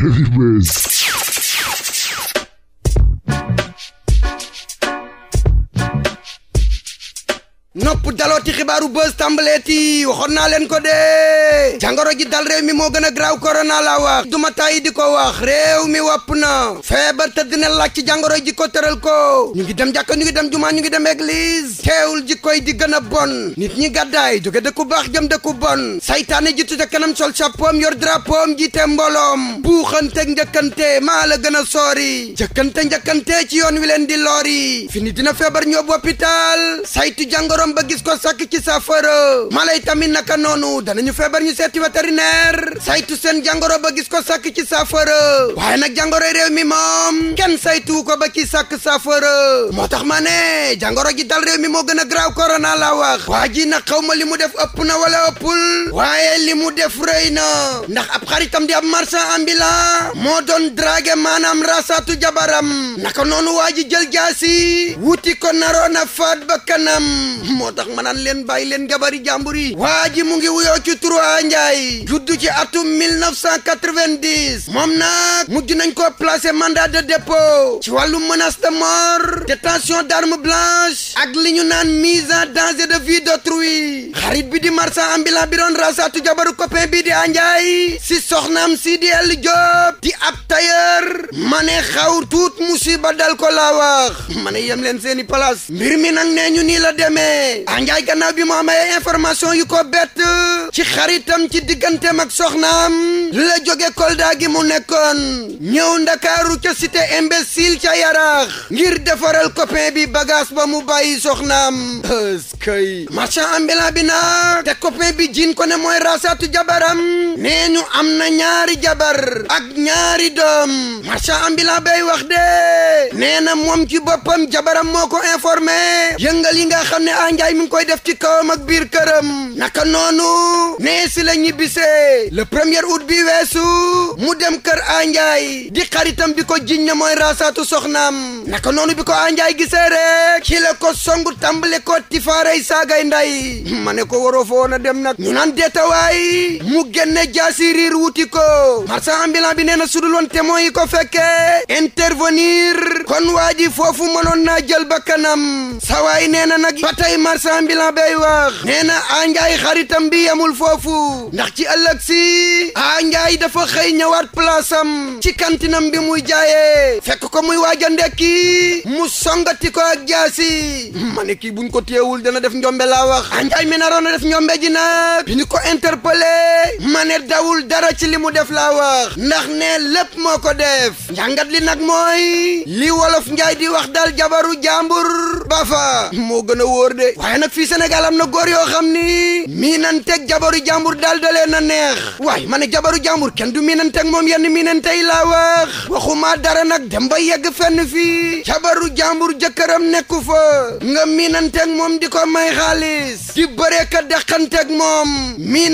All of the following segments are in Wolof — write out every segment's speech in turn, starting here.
Heavyweight. nopp dalooti xibaaru buzz tàmbaleeti waxoon naa leen ko dee jàngoro ji dal réew mi moo gën a graaw korona la wax duma tàyyi di ko wax réew mi wapp na feebar tëdd na laaj ci jàngoro ji ko tëral ko ñu ngi dem jàkka ñu ngi dem jumaa ñu ngi dem église teewul ji yi di gën a bon nit ñi gàddaay jóge dëkku baax jëm dëkku bon saytaane ji tuta kanam sol chapeau yor drapeau am jiite mbooloom buuxante njëkkante maa la gën a soori jëkkante njëkkante ci yoon wi leen di loori dina feebar ñoo bu hôpital saytu jàngoro yaram ba gis ko sàkk ci saafara mala yi tamit naka noonu danañu feebar ñu seeti vétérinaire saytu seen jàngoro ba gis ko sàkk ci saafara waaye nag jàngoro réew mi moom kenn saytu ko ba ci sàkk moo tax ma ne jàngoro ji dal réew mi moo gën a graaw korona laa wax waa ji nag xaw ma li mu def ëpp na wala ëppul waaye li mu def rëy na ndax ab xaritam di ab marchand ambulant moo doon dragué maanaam rasaatu jabaram naka noonu waa jël jaasi wuti ko naroon a faat ba kanam moo tax ma naan leen bàyyi leen gabari jàmbur yi waa ji mu ngi wuyoo ci turu Njaay juddu ci atum 1990 moom na mujj nañ ko placer mandat de dépôt ci wàllu menace de mort détention d'arme blanche ak li ñu naan mise en danger de vie d'autrui xarit bi di marchand ambulant bi doon rasaatu jabaru copain bi di Njaay si soxnaam si di El Diop di ab tailleur ma ne xaw tuut dal ko laa wax yem leen seeni place mbir mi nag nee ñu nii la demee ah njaay gannaaw bi mu amee information yu ko bett ci xaritam ci diggante mak soxnaam la joge Kolda gi mu nekkoon ñëw ndakaaru ca cité imbécile ca yaraax ngir defaral copain bi bagage ba mu bàyyi soxnaam eskay marchand ambulant bi nag te bi jiin ko ne mooy rasaatu jabaram nee ñu am na ñaari jabar ak ñaari doom marchand ambulant wax de nee na moom ci boppam jabaram moo ko informé yëngal xam ne Isaa Njaay mi ngi koy def ci kawam ak biir këram naka noonu nee si la ñibbisee le premier août bi weesu mu dem kër Anjaay di xaritam bi ko jiñ ne mooy raasaatu soxnaam naka noonu bi ko Anjaay gisee rek la ko songu tàmbale ko tifaaray saagay nday ma ne ko waroo fa dem nag ñu naan deetawaay mu génne jaasi wuti ko marchand ambulant bi sudul woon témoin yi ko fekkee intervenir kon waa ji foofu mënoon naa jël bakkanam sawaay nee na nag ba tey marchand wax nee na anjaay xaritam bi yamul foofu ndax ci ëllëg si anjaay dafa xëy ñëwaat place ci kantinam bi muy jaayee fekk ko muy waaj a ndekki mu songati ko ak jaasi ma kii buñ ko téewul dana def njombe laa wax anjaay mi naroon na def njombe ji nag bi ko interpellé ma ne dawul dara ci li mu def laa wax ndax ne lépp moo ko def njàngat li nag mooy li wolof njaay di wax dal jabaru jàmbur ba fa moo gën a woor de waaye nag fii Sénégal am na góor yoo xam ni mii teg jabaru jàmbur daal dalee na neex waaye ma jabaru jàmbur kenn du mii nan teg moom yenn mii nan wax waxuma dara nag dem ba yegg fenn fii jabaru jàmbur jëkkëram nekku fa nga mii nan teg moom di ko may xaalis di bëree ka dexanteeg moom mii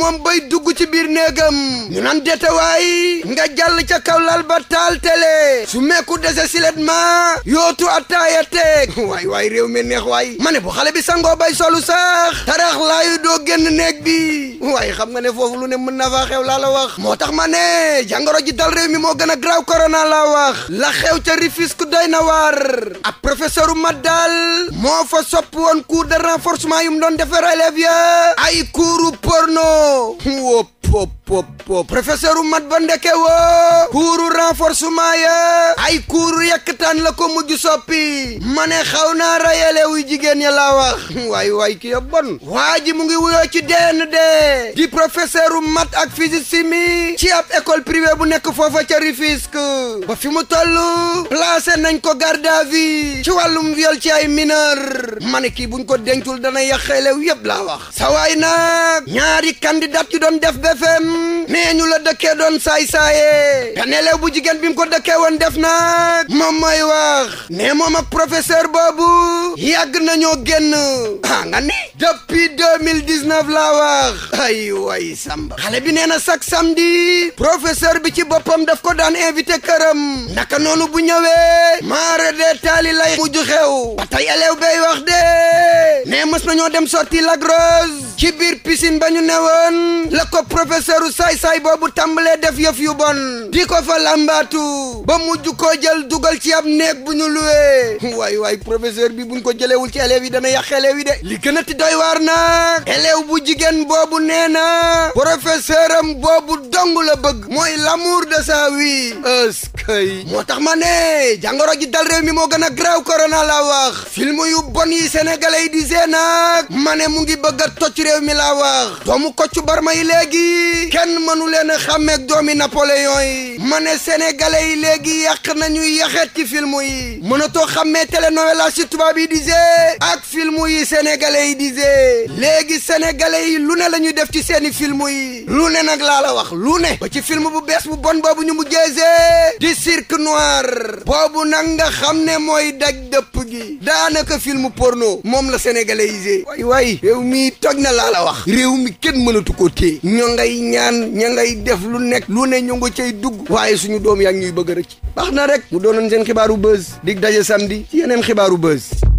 moom bay dugg ci biir néegam ñu nan detawaay nga jàll ca kaw ba taal télé su meeku toilette ma yootu attaaya teeg waay waay réew mi neex way ma ne bu xale bi sangoo bay solu sax tarax laayu doo génn néeg bi waaye xam nga ne foofu lu ne mën na faa xew laa wax moo tax ma ne jàngoro ji dal réew mi moo gën a graw korona laa wax la xew ca Rufisque doy na waar ab professeur u mat daal moo fa sopp woon cours de renforcement yu mu doon defar élèves ya ay cours porno pop pop pop professeur u mat ba ndeke woo kuuru renforcement ya ay kuuru tan la ko mujj soppi ma ne xaw naa rayale jigéen ya laa wax waay waay ki ya bon waa ji mu ngi wuyoo ci DND di professeur u mat ak physique chimie ci ab école privée bu nekk foofa ca Rufisque ba fi mu toll placé nañ ko garde à vue ci wàllum viol ci ay mineur ma ne kii buñ ko dencul dana yàqelew yëpp laa wax sawaay nag ñaari candidat yu doon def FM nee ñu la dëkkee doon saay-saaye te nelew bu jigéen bi mu ko dëkkee woon def nag ma mooy wax ne moom ak professeur boobu yàgg nañoo génn ah nga ne depuis 2019 laa wax ay way samba xale bi nee na chaque samedi professeur bi ci boppam daf ko daan invité këram naka noonu bu ñëwee maara de taali lay mujj xew ba elew bay wax de mës ñoo dem sorti Lac Rose ci biir piscine ba ñu newoon la ko professeuru saay-saay boobu tàmbalee def yëf yu bon di ko fa làmbaatu ba mujj koo jël dugal ci ab néeg bu ñu luwee waay waay professeur bi buñ ko jëlewul ci élèves yi dana yàq élèves yi de li gën a ti doy waar nag élève bu jigéen boobu nee na professeur am boobu dong la bëgg mooy l'amour de sa vie eskay moo tax ma ne jàngoro ji dal réew mi moo gën a graaw corona la wax film yu bon yi sénégalais yi di seena nag ma mu ngi bëgg a toj réew mi laa wax doomu kocc barma yi léegi kenn mënu leen a xàmmeeg doomi napoléon yi ma ne sénégalais yi léegi yàq nañuy yaxeet ci film yi mënatoo xàmmee télénovela si tubaab yi disee ak film yi sénégalais yi disee léegi sénégalais yi lu ne la ñuy def ci seeni film yi lu ne nag laa la wax lu ne ba ci film bu bees bu bon bu ñu mu jeesee di cirque noir boobu nag nga xam ne mooy daj dëpp gi daanaka film porno moom la sénégalais yi généraliser waay réew mi toj na laa la wax réew mi kenn mënatu ko téye ña ngay ñaan ña ngay def lu nekk lu ne ñu nga cay dugg waaye suñu doom yaa ngi ñuy bëgg a rëcc baax na rek mu doonoon seen xibaaru buzz dig daje samedi ci yeneen xibaaru buzz